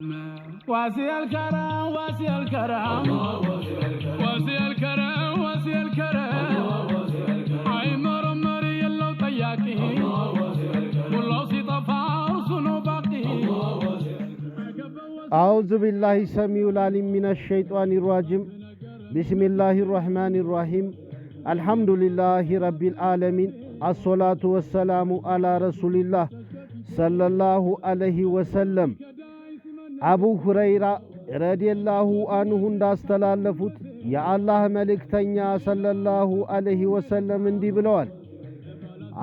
واسي الكرم واسي الكرم واسي الكرم واسي الكرم عمر مري لو طياكي ولو سيطفى رسل باقي أعوذ بالله السميع العليم من الشيطان الرجيم بسم الله الرحمن الرحيم الحمد لله رب العالمين الصلاة والسلام على رسول الله صلى الله عليه وسلم አቡ ሁረይራ ረዲየላሁ አንሁ እንዳስተላለፉት የአላህ መልእክተኛ ሰለላሁ አለይህ ወሰለም እንዲህ ብለዋል።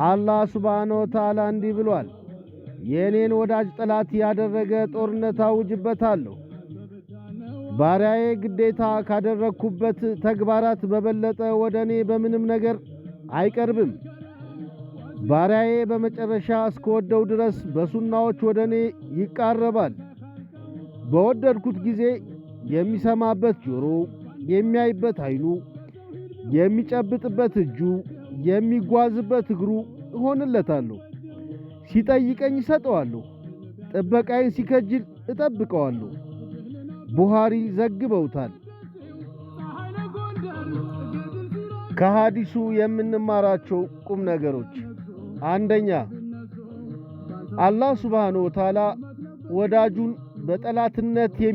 አላህ ሱብሓነ ወተዓላ እንዲህ ብሏል፣ የእኔን ወዳጅ ጠላት ያደረገ ጦርነት አውጅበታለሁ። ባሪያዬ ግዴታ ካደረግኩበት ተግባራት በበለጠ ወደ እኔ በምንም ነገር አይቀርብም። ባሪያዬ በመጨረሻ እስከወደው ድረስ በሱናዎች ወደ እኔ ይቃረባል። በወደድኩት ጊዜ የሚሰማበት ጆሮ፣ የሚያይበት አይኑ የሚጨብጥበት እጁ፣ የሚጓዝበት እግሩ እሆንለታለሁ። ሲጠይቀኝ እሰጠዋለሁ። ጥበቃዬን ሲከጅል እጠብቀዋለሁ። ቡሃሪ ዘግበውታል። ከሐዲሱ የምንማራቸው ቁም ነገሮች፣ አንደኛ አላህ ሱብሓነሁ ወተዓላ ወዳጁን በጠላትነት የሚ